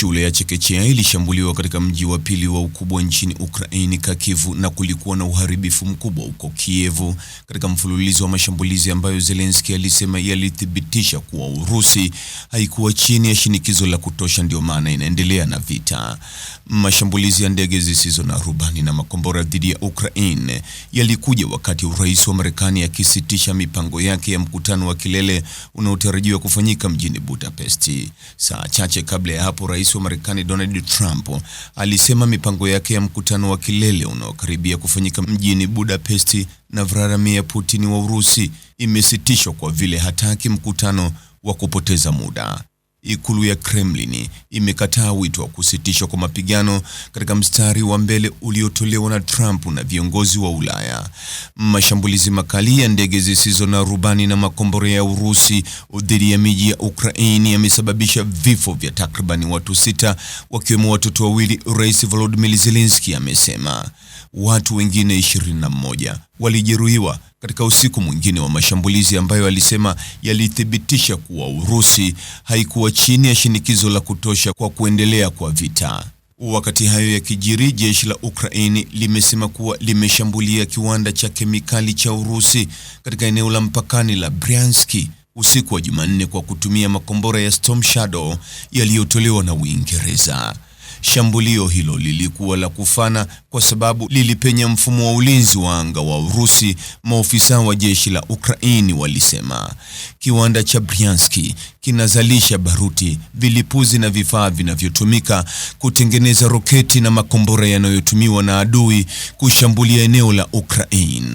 Shule ya chekechea ilishambuliwa katika mji wa pili wa ukubwa nchini Ukraini, Kharkiv, na kulikuwa na uharibifu mkubwa huko Kiev, katika mfululizo wa mashambulizi ambayo Zelensky alisema yalithibitisha kuwa Urusi haikuwa chini ya shinikizo la kutosha, ndio maana inaendelea na vita. Mashambulizi ya ndege zisizo na rubani na makombora dhidi ya Ukraine yalikuja wakati Rais wa Marekani akisitisha mipango yake ya mkutano wa kilele unaotarajiwa kufanyika mjini Budapest. Saa chache kabla ya hapo, Rais rais wa Marekani Donald Trump alisema mipango yake ya mkutano wa kilele unaokaribia kufanyika mjini Budapest na Vladimir Putin wa Urusi imesitishwa kwa vile hataki mkutano wa kupoteza muda. Ikulu ya Kremlin imekataa wito wa kusitishwa kwa mapigano katika mstari wa mbele uliotolewa na Trump na viongozi wa Ulaya. Mashambulizi makali ya ndege zisizo na rubani na makombora ya Urusi dhidi ya miji ya Ukraini yamesababisha vifo vya takribani watu sita, wakiwemo watoto wawili, Rais Volodymyr Zelensky amesema. Watu wengine 21 walijeruhiwa katika usiku mwingine wa mashambulizi ambayo alisema yalithibitisha kuwa Urusi haikuwa chini ya shinikizo la kutosha kwa kuendelea kwa vita. Wakati hayo yakijiri, jeshi la Ukraini limesema kuwa limeshambulia kiwanda cha kemikali cha Urusi katika eneo la mpakani la Bryanski usiku wa Jumanne kwa kutumia makombora ya Storm Shadow yaliyotolewa na Uingereza. Shambulio hilo lilikuwa la kufana kwa sababu lilipenya mfumo wa ulinzi wa anga wa Urusi, maofisa wa jeshi la Ukraini walisema. Kiwanda cha Bryansk kinazalisha baruti, vilipuzi na vifaa vinavyotumika kutengeneza roketi na makombora yanayotumiwa na adui kushambulia eneo la Ukraine.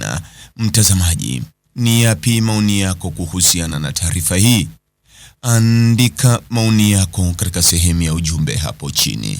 Mtazamaji, ni yapi maoni yako kuhusiana na taarifa hii? Andika maoni yako katika sehemu ya ujumbe hapo chini